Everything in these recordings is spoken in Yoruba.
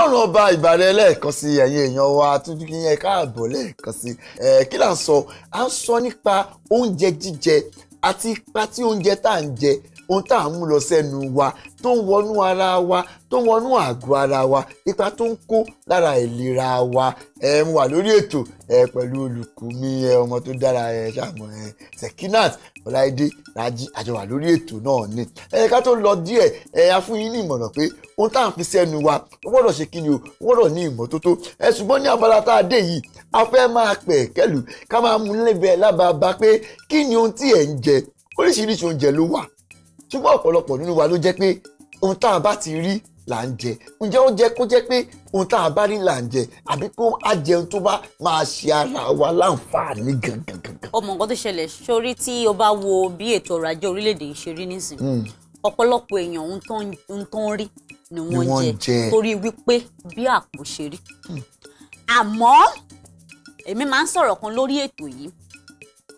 ọlọ́run ọba ìbàrẹ̀ lẹ́ẹ̀kan sí ẹ̀yin èèyàn wa tuntun kí yẹn káàbọ̀ lẹ́ẹ̀kan sí kí là ń sọ à ń sọ nípa oúnjẹ jíjẹ àti ipa tí oúnjẹ tá à ń jẹ ohun tá à ń mú lọ sẹ́nu wa tó ń wọnú ara wa tó ń wọnú àgọ́ ara wa ipa tó ń kó lára ìlera wa ẹ ń wà lórí ètò ẹ pẹ̀lú olùkùnmi ẹ ọmọ tó dára ẹ ṣàmọ ẹ Sekinat Ọláìdé Rájí àjọwà lórí ètò náà ni ẹ ká tó lọ díẹ̀ ẹ a fún yín ní ìmọ̀ràn pé ohun tá à ń fi sẹ́nu wa ó gbọ́dọ̀ ṣe kí ni o ó gbọ́dọ̀ ní ìmọ́tótó ẹ ṣùgbọ́n ní abala tá a dé yìí a fẹ́ máa pẹ̀ kẹ́lù ká máa mú lẹ́bẹ̀ẹ́ lábàbà pé ṣùgbọ́n ọ̀pọ̀lọpọ̀ nínú wa ló jẹ́ pé ohun tá a bá ti rí là ń jẹ ǹjẹ́ ó jẹ́ kó jẹ́ pé ohun tá a bá rí là ń jẹ àbí kó á jẹun tó bá máa ṣe ara wa láǹfààní gangan. ọmọ nǹkan tó ṣẹlẹ̀ sórí tí o bá wo bí ètò ọrọ̀ ajé orílẹ̀-èdè yìí ṣe rí nísìn hmm. ọ̀pọ̀lọpọ̀ èèyàn ohun tó ń rí ni wọ́n jẹ torí wípé bí àpò ṣe rí hmm. àmọ́ èmi máa ń sọ̀rọ̀ kan lórí ètò yìí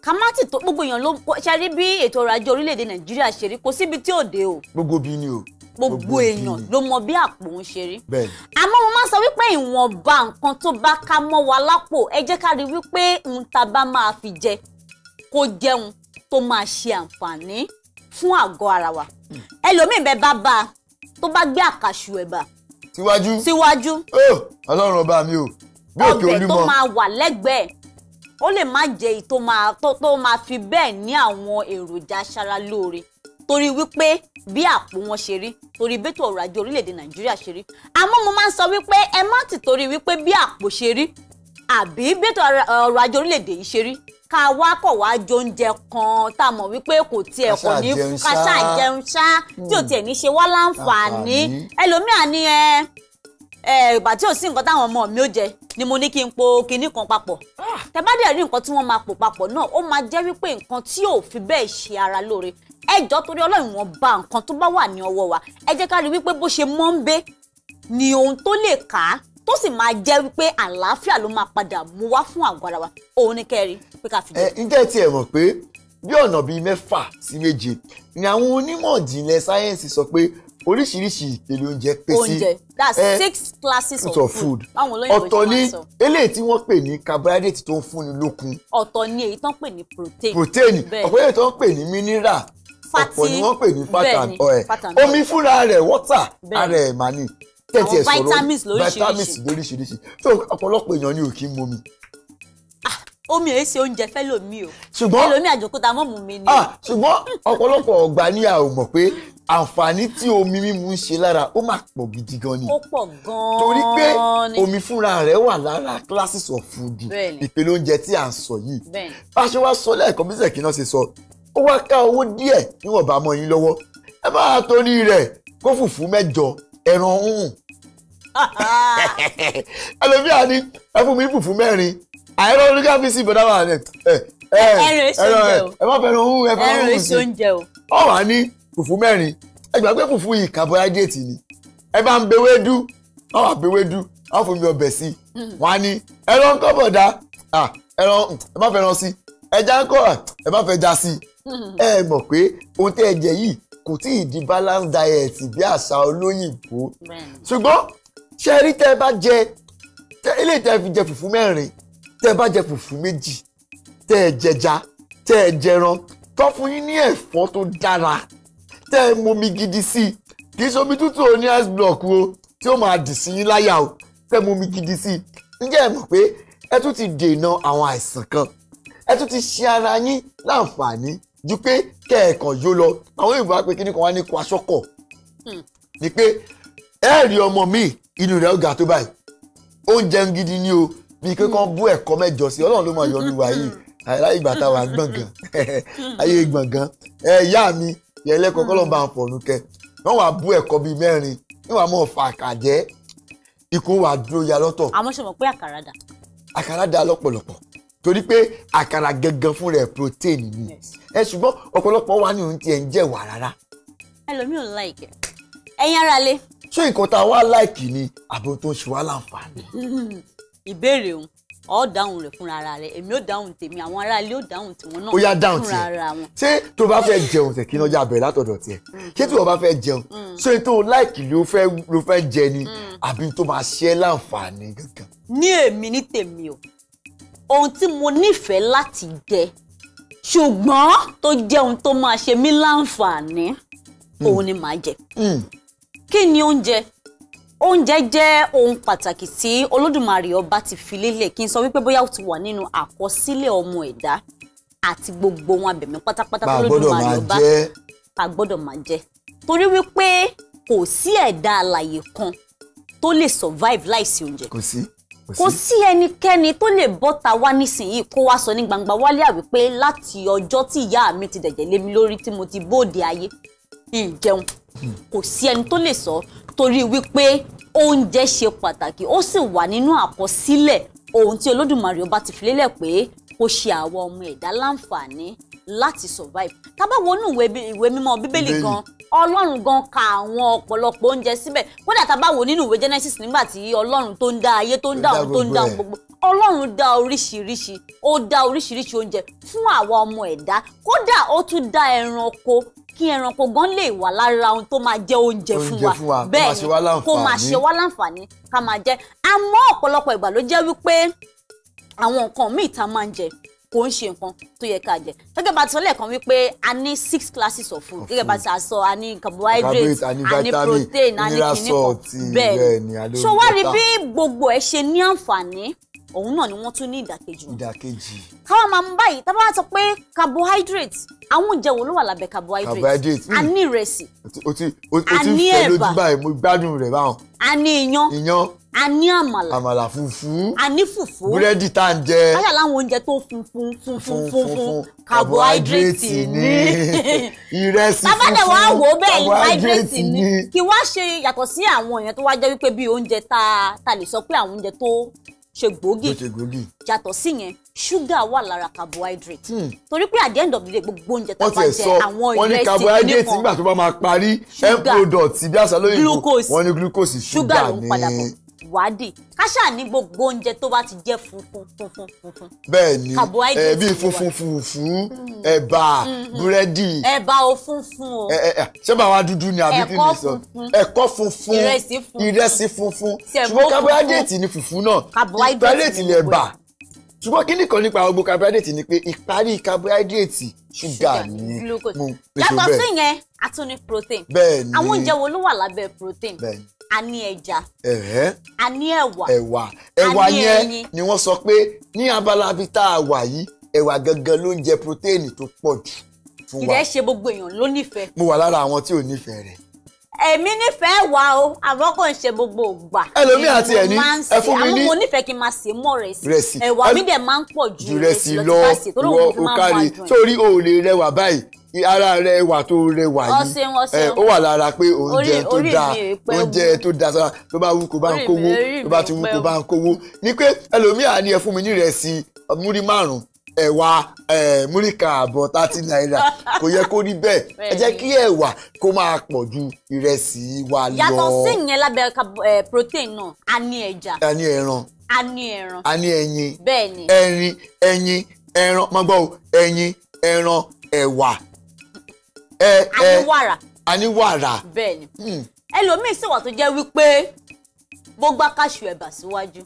ká má ti tó gbogbo èèyàn ló ṣe rí bí ètò ọrọ̀ ajé orílẹ̀-èdè nàìjíríà ṣe rí kò síbi tí ò dé o. gbogbo bíi ni o. gbogbo èèyàn ló mọ bí àpò ń ṣe rí. àmọ́ mo máa sọ wípé ìwọ̀nba nǹkan tó bá ká mọ́ wa lápò ẹ jẹ́ ká rí wípé ń ta bá máa fi jẹ kó jẹun tó máa ṣe àǹfààní fún àgọ́ ara wa. Hmm. ẹlòmíì bẹ bá bá a tó bá gbé àkàṣù ẹ̀ bá. síwájú síwájú. Oh, ọlọ́run ọba mi o ó lè má jẹ́ èyí tó máa tó tó máa fi bẹ́ẹ̀ ní àwọn èròjà aṣaralóore torí wípé bí àpò wọn ṣe rí torí bẹ́tò ọrọ̀ ajé orílẹ̀-èdè nàìjíríà ṣe rí àmọ́ mo máa ń sọ wípé ẹ má ti torí wípé bí àpò ṣe rí àbí bẹ́tò ọrọ̀ ajé orílẹ̀-èdè yìí ṣe rí ká wá kọ̀ wá jóúnjẹ kan tá a mọ̀ wípé kò tiẹ̀ kò ní ká ṣáà jẹun ṣá tí ò tiẹ̀ ní ṣe wá láǹfààní ẹlòmíà ni ẹ. Eh, ìgbà tí ò sí nǹkan táwọn ọmọ mi ó jẹ ni mo ní kí n po kinní kan papọ̀ ah. tẹ bá dẹ̀ rí nǹkan tí wọ́n máa pò papọ̀ náà ó máa jẹ́ wípé nǹkan tí ò fi bẹ́ẹ̀ ṣe ara lóore ẹjọ́ torí ọlọ́run wọn bá nǹkan tó bá wà ní ọwọ́ wa ẹ jẹ́ ká rí wípé bó ṣe mọ́ ń bẹ ni ohun tó lè kà á tó sì máa jẹ́ wípé àlàáfíà ló máa padà mú wá fún àgọ́ ara wa òun ni kẹ́rin pé ká fi jẹ́. ẹ ǹjẹ́ tiẹ̀ mọ̀ pé bí ọ̀nà bíi mẹ́fà sí méje ni àwọn onímọ̀ ìjìnlẹ̀ sáyẹ́ǹsì sọ pé oríṣiríṣi ìpele oúnjẹ pé sí oúnjẹ that's eh, six classes of, of food ọ̀tọ̀ ni eléyìí tí wọ́n pè ní carbohydrate tó ń fúnni lókun ọ̀tọ̀ ni èyí tó ń pè ní protein protein ọ̀pọ̀ èyí tó ń pè ní mineral ọ̀pọ̀ ni wọ́n pè ní fatan oil omi fúnra rẹ̀ water ara ẹ̀ mà ní tẹ̀tí ẹ̀ sọ̀rọ̀ vitamins lóríṣiríṣi so ọ̀pọ̀lọpọ̀ èèyàn ni ò kí ń momi ah, omi ò ṣe oúnjẹ fẹ́ lómi o ṣùgbọ́n ẹlòmí àjòkúta mọ́mù mi ni. Ah, ṣùgbọ́n ọ̀pọ̀lọpọ̀ ọ̀gbà ni a ò mọ̀ pé àǹfààní tí omi mímu ń ṣe lára ó máa pọ̀ gidi gan ni. ó pọ̀ gan-an ni. torí pé omi fúnra rẹ̀ wà lára classes of food ìpele oúnjẹ tí à ń sọ yìí. bá a ṣe wá sọ lẹ́ẹ̀kan bí sẹ̀kínà ṣe sọ ó wá ká owó díẹ̀ níwọ̀nba mọ́ yín lọ́wọ́ ẹ máa torí rẹ̀ kó fùfú mẹ́jọ ẹran hùn. ẹlòmíà ni ẹ fún mi fùfú mẹ́rin àìrọ̀ orí ká fi sí ìbọ̀dá wà ní ẹ ẹ ẹ ẹ má fẹ́ràn hùn ẹ fẹ́ràn hùn sí. ẹ fùfú mẹ́rin ẹ gbà pé fùfú yìí carbohydrate ni ẹ bá ń bewédú wọn wà bewédú wọn fún mi ọbẹ̀ sí i hmm. wọn á ní ẹran ń kọ́bọ̀ dá ẹran hmm, ẹ má fẹ́ ran sí ẹja ń kọ́ ẹ má fẹ́ já sí ẹ mọ̀ pé ohun tẹ́ ẹ jẹ yìí kò tí ì di balance diet bí àṣà olóyìnbó ṣùgbọ́n ṣe rí tẹ́ ẹ bá jẹ eléyìí tẹ́ ẹ fi jẹ fùfú mẹ́rin tẹ́ ẹ bá jẹ fùfú méjì tẹ́ ẹ jẹja tẹ́ ẹ jẹran tó fún yín ní ẹ̀fọ́ tó dára tẹ́ ẹ momi gidi sí i kì í ṣomi tútù oní ice block o tí ó máa dì sí yín láyà o tẹ́ ẹ momi gidi sí i ǹjẹ́ ẹ mọ̀ pé ẹ tún ti dènà àwọn àìsàn kan ẹ tún ti ṣe ara yín láǹfààní ju pé kẹ́ẹ̀kan yó lọ àwọn ìbá pé kíní kan wá ní kó aṣọ kọ̀ hmm. ni pé ẹ rí ọmọ mi inú rẹ̀ ó ga tó báyìí oúnjẹ gidi ni o bíi pé kán bú ẹ̀kọ́ mẹ́jọ sí ọlọ́run ló máa yọ olúwa yìí àìláyé ìgbà táwa gbọ̀ngàn ayé gbọ̀ngàn ẹ̀yà mi yẹn lẹ́kọ̀ọ́ hmm. kọ́ ló ń bá fọ̀nù kẹ wọ́n wàá bú ẹ̀kọ́ bíi mẹ́rin wọ́n wàá mọ̀ fà kàjẹ́ ikùn wàá dúró ya lọ́tọ̀. àmọ́ ṣe mọ̀ pé àkàrà dà. àkàrà dà lọ́pọ̀lọpọ̀ torí pé àkàrà gangan fún rẹ̀ protein ni ẹ ṣùgbọ́n ọ̀pọ̀lọpọ̀ wa ni òun tiẹ̀ ń jẹ́ wà rárá. ẹlòmíì ò láìkẹ ẹ̀yin ara lé. ṣé nǹkan tá a wá láìkì ni àbí tó ń ṣe wá láǹfààní. Hmm, hmm, ìbéèrè òun ọ dáhùn rẹ fúnra rẹ èmi ò dáhùn tèmi àwọn aráalé ò dáhùn tiwọn náà. ó yá dáhùn tiẹ̀ ṣé tó bá fẹ́ jẹun tẹ̀kí náà jábẹ̀ látọ̀dọ̀ tiẹ̀ ṣé tó bá fẹ́ jẹun ṣé mm. tó láìkì ló fẹ́ ló fẹ́ jẹ ni mm. àbí tó máa ṣe é láǹfààní gangan. ní èmi ní tèmi o ohun tí mo nífẹ̀ẹ́ láti jẹ ṣùgbọ́n tó jẹ́ ohun tó máa ṣe mí láǹfààní mm. òun ni màá jẹ kí ni oúnjẹ oúnjẹ jẹ́ ohun pàtàkì tí olódùmarè ọba ti fi lélẹ̀ kí n sọ wípé bóyá ó ti wà nínú àkọsílẹ̀ ọmọ ẹ̀dá àti gbogbo wọn abẹ̀mí pátápátá olódùmarè ọba a gbọ́dọ̀ máa jẹ torí wípé kò sí ẹ̀dá alàyè kan tó lè survive láìsí oúnjẹ kò sí kò sí ẹnikẹ́ni tó lè bọ́ta wá nísìnyìí kó wá sọ ní gbangba wálé àwípé láti ọjọ́ tí ìyá mi ti dẹ̀jẹ̀ lé mi lórí tí mo ti bóde ayé ìjẹun kò sí ẹni tó lè sọ torí wípé oúnjẹ ṣe pàtàkì ó sì wà nínú àkọsílẹ̀ ohun tí olódùmarè ọba ti fi lélẹ̀ pé kó ṣe àwọn ọmọ ẹ̀dá láǹfààní láti survive tábà wọnú ìwé mímọ́ bíbélì gan ọlọ́run gan ka àwọn ọ̀pọ̀lọpọ̀ oúnjẹ síbẹ̀ kódà tábà wò nínú ìwé genesis nígbà tí ọlọ́run tó ń dá ayé tó ń dá ohun tó ń dá ohun gbogbo ọlọ́run dá oríṣiríṣi ó dá oríṣiríṣi oúnjẹ fún àwa ọmọ ẹ̀dá kódà ó tún dá ẹranko kí ẹranko gan lè wà lára ohun tó máa jẹ oúnjẹ fún wa bẹ́ẹ̀ ni kó máa ṣe wá láǹfààní ká máa jẹ àmọ́ ọ̀pọ̀lọpọ̀ ìgbà ló jẹ́ wípé àwọn nǹkan míì tá a máa ń jẹ kò ń ṣe nǹkan tó yẹ ká jẹ gẹ́gẹ́ bá ti sọ lẹ́ẹ̀kan wípé a ní six classes of food gẹ́gẹ́ bá ti sọ a ní carbohydrate a ní protein a ní kìnnìkan bẹ́ẹ̀ ni ṣọwárí bí gbogbo ẹ ṣe ní àǹfààní òun náà ni wọ́n tún ní ìdàkejì. ìdàkejì. káwọn máa mú báyìí tá a bá sọ pé carbohydrate àwọn oúnjẹ wo ló wà lábẹ́ carbohydrate. carbohydrate hmm. a ní ìrẹsì. o ti o ti fẹ́ lójú báyìí mo gbádùn rẹ̀ báwọn. a ní iyán. iyán a ní àmàlà àmàlà funfun a ní fùfú búrẹ́dì tá à ń jẹ káyà láwọn oúnjẹ tó funfun funfun funfun carbohydrate ní ìrẹsì funfun tábàdà wà wò bẹ́ẹ̀ carbohydrate ní kí wá ṣe yàtọ̀ sí àwọn èèyàn tó wá jẹ́ wípé bí oúnjẹ tá a lè sọ pé àwọn oúnjẹ tó ṣe gbòógì yàtọ̀ sí yẹn ṣúgà wà lára carbohydrate hmm. torí pé at the gbogbo oúnjẹ tá bá jẹ àwọn ìrẹsì nínú wọn ní carbohydrate nígbà tó bá máa parí end product bí àṣà lóyìnbó wọn ní glucose ṣúgà ní ìwádìí ká ṣáà ní gbogbo oúnjẹ tó bá ti jẹ́ funfun funfun funfun. bẹ́ẹ̀ni ẹ bí funfun fùfú hmm. ẹ̀bà hmm. búrẹ́dì. ẹ̀bà o funfun o. ṣé bàbá dúdú ni àbí kí ni sọ ẹ̀kọ́ funfun ìrẹsì funfun ṣùgbọ́n carbohydrate ni fùfú náà carbohydrate ni ẹ̀bà ṣùgbọ́n kí nìkan nípa ọgbọ́n carbohydrate ni pé ìparí carbohydrate ṣúgà ni mo pèsè bẹ́ẹ̀. yàtọ̀ sí yẹn a tún ní protein. bẹ́ẹ̀ni àwọn oúnjẹ wo ló wà lábẹ́ protein. bẹ́ẹ̀ni a ní ẹja a ní ẹ̀wà ẹ̀wà ẹ̀wà yẹn ni wọ́n sọ pé ní abala bíi tá a wà yìí ẹ̀wà gangan ló ń jẹ protéènì tó pọ̀ jù fún wa ìdẹ́ ṣe gbogbo èèyàn ló nífẹ̀ẹ́. mo wà lára àwọn tí ò nífẹ̀ẹ́ rẹ̀ èmi nífẹ̀ẹ́ wà o àmọ́ kò ń ṣe gbogbo ògbà. ẹlòmíì àti ẹni ẹ fún mi ní àwọn mo kí n máa sè mọ́ rẹsì ẹ̀wà mi dẹ̀ máa ń pọ̀ ju rẹsì lọ tó lóun fi sórí o rẹwà báyìí ara rẹwà tó rẹwà yìí ó wà lára pé oúnjẹ tó dáa oúnjẹ tó dáa sára tó bá wù kó bá ń kówó tó bá ti wù kó bá ń kówó ni pé ẹlòmíà ni ẹ fún mi ní ìrẹsì múrí márùn ẹ̀wà múrí kan àbọ̀ thirty naira kò yẹ kó rí bẹ́ẹ̀ ẹ jẹ́ kí ẹ̀wà kó máa pọ̀ ju ìrẹsì wa lọ. yàtọ̀ sí ìyẹn lábẹ́ protein náà a ní ẹja a ní ẹran a ní ẹran a ní ẹyin bẹ́ẹ̀ ni ẹrin ẹyin ẹran mọ́gbọ́n ẹyin ẹran ẹ̀wà ẹ ẹ àní wàrà. àní wàrà. bẹ́ẹ̀ni hmm. ẹlòmíín sì wà tó jẹ́ wípé bó gbá káṣù ẹ̀bà síwájú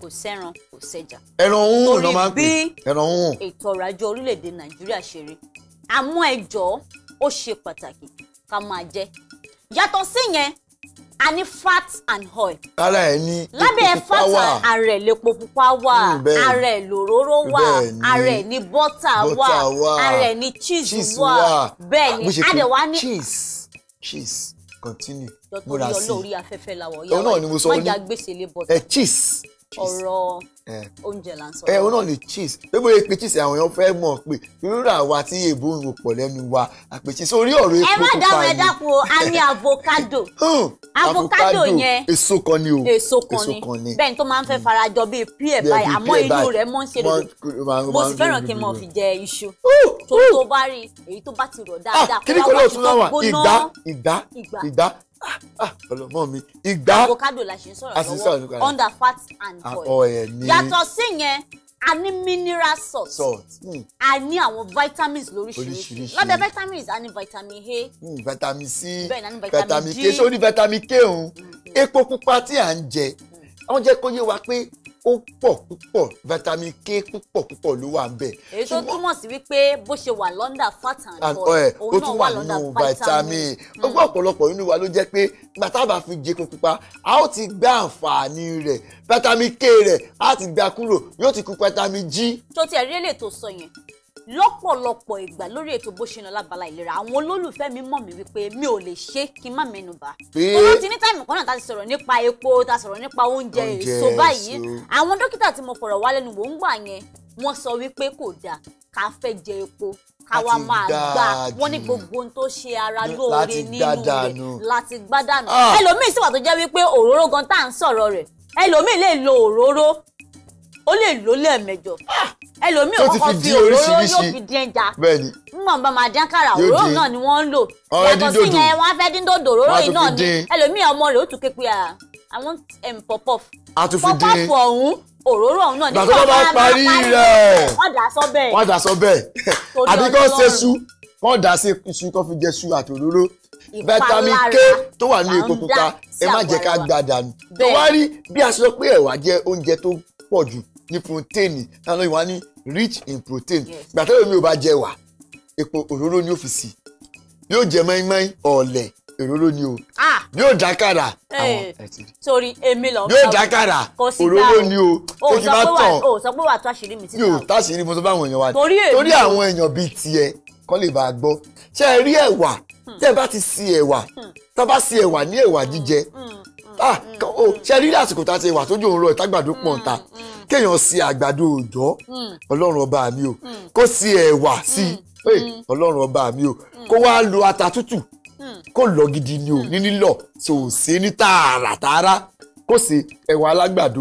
kò sẹ́ran kò sẹ́jà. ẹran òun ìran máa ń pè ẹran òun. ètò ọrọ̀ ajé orílẹ̀-èdè nàìjíríà ṣe rí àmọ́ ẹjọ́ ó ṣe pàtàkì ká máa jẹ yàtọ̀ síyẹn a ní fat and oil. ara ẹ ní epo pupa wà lábẹ́ fat and ara ẹ lepo pupa wà ara hmm, ẹ lòróró wà ara ẹ ní bọ́tà wà ara ẹ ní cheese wà bẹ́ẹ̀ ni adẹ̀wà ní. cheese cheese continue múra sí i òun náà ni mo sọ ní ẹ cheese ọ̀rọ̀ eh. oúnjẹ là ń sọ. ẹ eh, òun náà ni cheese gbogbo èpè cheese àwọn èèyàn fẹ́ mọ̀ pé rírà wa tí èbó ń pọ̀ lẹ́nu wa àpè cheese orí ọ̀rọ̀ epo pupa ni. ẹ má dáhùn ẹ dákun a ní hmm, avocado. avocado yẹn èso kan ni o èso kan ni bẹ́ẹ̀ ni tó máa ń fẹ́ hmm. farajọ bíi pear pie àmọ́ inú rẹ̀ mọ́ ń ṣe lóko mo sì fẹ́ràn kí n mọ̀ fi jẹ iṣu tó tó bá rí èyí tó bá ti rọ̀ ah, dáadáa kí ni kò lóòótọ́ náà wà ìgbá ìgbá ìgbá ọlọmọ mi ìgbà avocado la ṣe under fat and ah, oil yàtọ̀ sí yẹn a ní mineral salt salt hmm. a ní àwọn vitamins lóríṣiríṣi lábẹ́ vitamins a ní vitamin A hmm, vitamin C vitamin, vitamin G. K sórí vitamin K òun hmm. epo pupa tí à ń jẹ wọ́n jẹ́ kó yé wa pé ó pọ̀ púpọ̀ vitamin k púpọ̀ púpọ̀ ló wà ń bẹ̀. èyí tó túmọ̀ sí wípé bó ṣe wà lọ́ndà fat and oil eh, òun náà wà lọ́ndà vitamin. ó hmm. gbọ́ ọ̀pọ̀lọpọ̀ nínú wa ló jẹ́ pé gbàtàbà fi jẹkun pupa a ó ti gbá àǹfààní rẹ̀ vitamin k rẹ̀ a ti gbà kúrò yóò ti kú vitamin g. tó tiẹ̀ rí èlé tó sọ yẹn lọ́pọ̀lọpọ̀ ìgbà lórí ètò bó ṣe ń lọ lábala ìlera àwọn olólùfẹ́ mi mọ̀ mí wípé mi ò lè ṣe kí n má mẹ́nu bà. owó ti ní táìmù kan náà tá ti sọ̀rọ̀ nípa epo tá sọ̀rọ̀ nípa oúnjẹ èso báyìí àwọn dókítà tí mo fọ̀rọ̀ wá lẹ́nu wò ń gbà yẹn wọ́n sọ wípé kò dáa ká fẹ́ jẹ epo káwa máa gbà wọ́n ní gbogbo ohun tó ṣe ara lóore nínú rẹ̀ láti gbádànù ah! ẹlòmíì sì wà tó jẹ́ wípé òróró gan tá à ń sọ̀rọ̀ rẹ̀ ẹlòmíì lè lo òróró ó lè lò lẹ́ẹ̀mẹjọ ah! ẹlòmíì ò kọ́kọ́ fi òróró yóò fi dín ẹja nígbà bá máa dín àkàrà òróró náà ni wọ́n ń lò yàtọ̀ sí yẹn wọ́n á fẹ́ dín dòdò òróró yìí náà ni ẹlòmíì ọmọ rẹ̀ ó tún képe à àwọn pọ̀pọ̀ pọ̀pọ̀ ọ̀hún òróró ọ̀hún náà nígbà tó bá parí rẹ̀ wọ́n dà sọ bẹ́ẹ̀ wọ́n dà sọ bẹ́ẹ̀ àbí kò ṣe sú wọ́n dà sí iṣu kó fi jẹ sú àti òróró vitamin k tó wà ní epo pupa ẹ má jẹ́ ká gbàdánù tó wá rí bí a sọ pé ẹ̀wà jẹ́ oúnjẹ tó pọ̀ jù ní protein táwọn olóyìnbó wá ní rich in protein gbàtẹ́ lómi ò bá jẹ wà epo òróró ní òfìsì yóò jẹ mọ́ínmọ́ín ọ̀ọ̀lẹ̀ òróró ni o yóò dákàrà eh, àwọn ẹtì torí èmi lọ yóò dákàrà òróró ni o tó sọ pé wà tó àṣírí mi síta o yóò táṣírí mo sọ fáwọn èèyàn wa torí àwọn èèyàn bíi tiẹ̀ kọ́ lè bá a gbọ́ ṣé ẹ rí ẹ̀wà hmm. tẹ́ ẹ bá ti si ẹ̀wà hmm. tá a bá si ẹ̀wà ní ẹ̀wà jíjẹ hmm ah oh, ṣe rí àsìkò tá a ti wà tójú òun rọ ìtagbàdo pọ̀ ta mm, mm. kéèyàn sí àgbàdo òòjọ́ mm. ọlọ́run ọba mi o kó sí ẹ̀wà sí ọlọ́run ọba mi o kó wá lo ata tútù kó lọ gidi ni o ní lílọ tó o ṣe ní tààràtààrà kó ṣe ẹ̀wà alágbàdo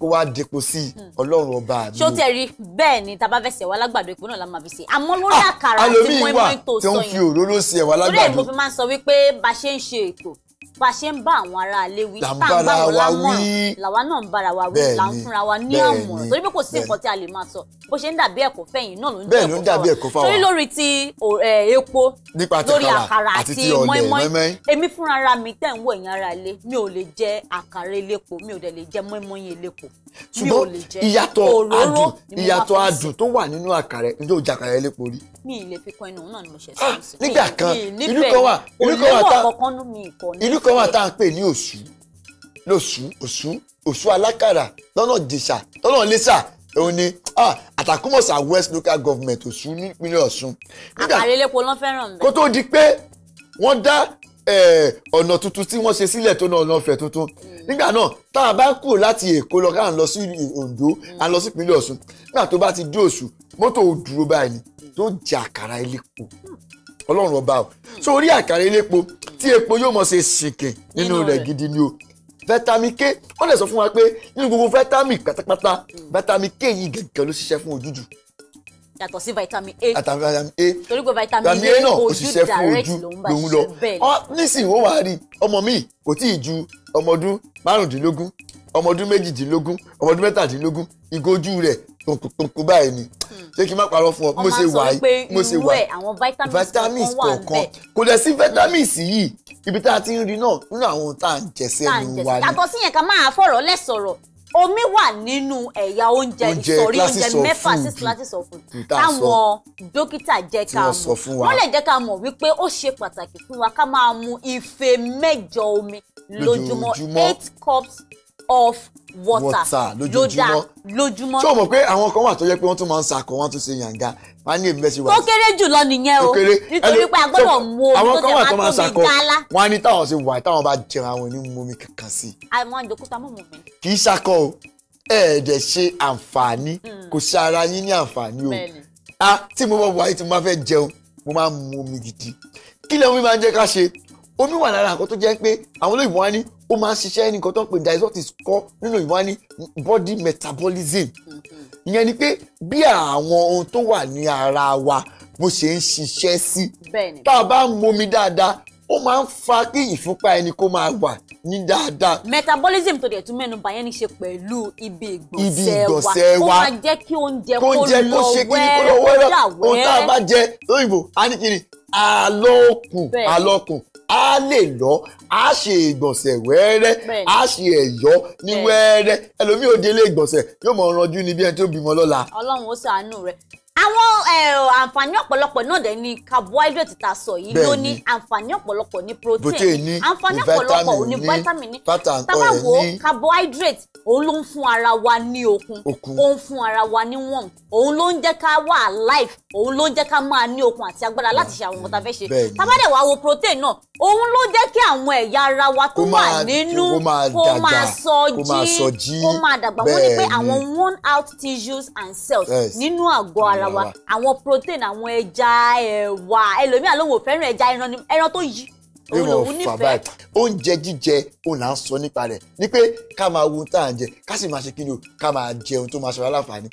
kó wá depo sí ọlọ́run ọba mi o. ṣó tẹ̀ bẹ́ẹ̀ ni tá a bá fẹ́ ṣe ẹ̀wà alágbàdo ìpínlẹ̀ náà la máa fi ṣe àmọ́ lórí ah, àkàrà àti mọ́ínmọ́ín tó sọ yẹn lórí ẹ̀ mo fi máa ń sọ wípé bá a ṣe ń ṣe ètò bá a ṣe ń bá àwọn aráalé wí tá à ń bá wọn lámọ̀ràn làwa náà ń bára wa wí là ń fúnra wa ní àmọ̀ràn torí pé kò sí nǹkan tí a lè máa sọ bó ṣe ń dàbí ẹ̀kọ́ fẹ̀yìn náà ló ń dàbí ẹ̀kọ́ fáwa torí lórí ti epo lórí àkàrà àti mọ́ínmọ́ín èmi fúnra ara mi tẹ̀ ń wò ẹ̀yìn aráalé mi ò lè jẹ àkàrà elépo mi ò dẹ̀ lè jẹ mọ́ínmọ́ín mi ò fi kọ ẹnu náà ni mo ṣe ah, sọ nígbà kan ìlú kan wà ìlú kan wà tá ìlú kan wà tá à ń pè ní òṣù lóṣù òṣù òṣù alákàrà lọ́nà jèṣà lọ́nà lẹ́ṣà òun ni àtàkùmọ̀sà west local government òṣù nípínlẹ̀ ọ̀ṣun. àkàlélẹ́pọ̀ ló fẹ́ràn bẹ́ẹ̀. kó tó di pé wọ́n dá ọ̀nà tuntun tí wọ́n ṣe sílẹ̀ tó náà ọ̀nà ọ̀fẹ́ tuntun hmm. nígbà náà tá a bá kúrò láti èkó lọ káà ń lọ sí ondo à ń lọ sí ìpínlẹ̀ ọ̀ṣun nígbà tó bá ti dé òṣù mọ́tò dúró báyìí ni tó jẹ àkàrà elépo hmm ọlọ́run ọba o so orí àkàrà elépo tí epo yóò mọ̀ ṣe ṣìnkìn nínú rẹ̀ gidi ni o vitamin k wọ́n lè sọ fún wa pé nínú gbogbo vitamin pátápátá vitamin k yìí gẹ̀gẹ̀ ló ṣiṣẹ́ fún ojú yàtọ̀ sí vitamin A àtàwọn vitamin A torí pé vitamin A náà kò ṣiṣẹ́ fún ojú lòun lọ ah, nísìnyí wọ́n wá rí ọmọ mi kò tí ì ju ọmọ ọdún márùndínlógún ọmọ ọdún méjìdínlógún ọmọ ọdún mẹ́tàdínlógún ìgójú rẹ̀ tòkòtòkò báyìí ni ṣé kí n má parọ́ fún ọ mo ṣe wà yìí mo ṣe wà yìí vitamins kọ̀ọ̀kan kò dẹ̀ sí vitamins yìí ibi tá a ti ń rí náà nínú àwọn tá à ń jẹ sẹ́nu wa ni. yàtọ̀ síyẹn ká máa fọ̀rọ̀ lẹ̀ omi wà nínú ẹ̀yà oúnjẹ ìsọ̀rí oúnjẹ mẹ́fà six classes táwọn dókítà jẹ́ ká mọ̀ wọ́n lè jẹ́ ká mọ̀ wípé ó ṣe pàtàkì fún wa ká máa mu ife mẹ́jọ omi lójúmọ́ eight cups of water lójoojúmọ́ lójoojúmọ́. ṣé o mọ̀ pé àwọn kan wà tó yẹ pé wọ́n tún máa ń sakọ wọ́n tún ṣe yànga wọ́n á ní èmi bẹ́ẹ̀ ṣe wà. tó kéré jùlọ nìyẹn o nítorí pé a gbọ́dọ̀ mu omi tó tẹ̀ máa tóbi gálá. wọ́n á ní táwọn ṣe wà táwọn bá jẹun àwọn oní mú omi kankan sí. àwọn àjòkúta mọ̀ mọ̀ mi. kì í sakọ o ẹ̀ẹ́dẹ̀ ṣe àǹfààní hmm. kò ṣe ara yín ní àǹfààní o. a tí mo bá wà yìí tí mo bá fẹ́ jẹun mo máa ń mu omi gidi kí lẹ́wọ̀n mi máa ń jẹ́ ká ṣe omi wà lára àkọ́ jẹ́ pé àwọn olóyìnbó wa ní ó máa ń ṣiṣẹ́ nǹkan tó ń pè that is nínú òyìnbó ní body metabolism mm-hmm. ìyẹn ni pé bí àwọn ohun tó wà ní ara wa bó ṣe ń ṣiṣẹ́ sí tá a bá ń momi dáadáa ó máa ń fa kí ìfúnpá ẹni kó máa wà ní dáadáa. metabolism tó dẹ̀ tún mẹ́nu bàyẹn ní ṣe pẹ̀lú ibi ìgbọ̀nsẹ̀ wa ó máa jẹ́ kí oúnjẹ kó lọ wẹ́rẹ́ kó dà wẹ́rẹ́. ohun tá a bá jẹ lóyìnbó á ní kiri àlọ́kùn àlọ́kùn á lè lọ á ṣe ìgbọ̀nsẹ̀ wẹ́rẹ́ á ṣe ẹ̀yọ́ ní wẹ́rẹ́ ẹlòmíì ò délé ìgbọ̀nsẹ̀ yóò mọ̀ ranjú níbi ẹni tó bímọ lọ́la. ọlọ́run ó ṣàánú rẹ̀ àwọn eh, àǹfààní ọ̀pọ̀lọpọ̀ náà dẹ̀ ni carbohydrate ta sọ yìí ló ní àǹfààní ọ̀pọ̀lọpọ̀ ní protein ní àǹfààní ọ̀pọ̀lọpọ̀ ní vitamin ní tábà wo carbohydrate òun ló ń fún ara wa ní okun òun fún ara wa ní warm òun ló ń jẹ́ ká wà alive òun ló ń jẹ́ ká máa ní okun àti agbára láti ṣe àwọn nǹkan tá a fẹ́ ṣe tábà dẹ̀ wá wo protein náà òun ló jẹ́ kí àwọn ẹ̀yà ara wa tó wà nínú kó máa sọ jí kó máa dàgbà wọ́n ní pé àwọn worn out tissues and cells nínú àgọ́ ara ara wa àwọn protein àwọn ẹja ẹ̀wà ẹlòmíà ló wò fẹ́ràn ẹja ẹran ẹran tó yí òun lòun nífẹ̀ẹ́. oúnjẹ jíjẹ òun là ń sọ nípa rẹ̀ ni pé ká máa wo ohun tá à ń jẹ ká sì máa ṣe kí ni o ká máa jẹun tó máa ṣe wá láǹfààní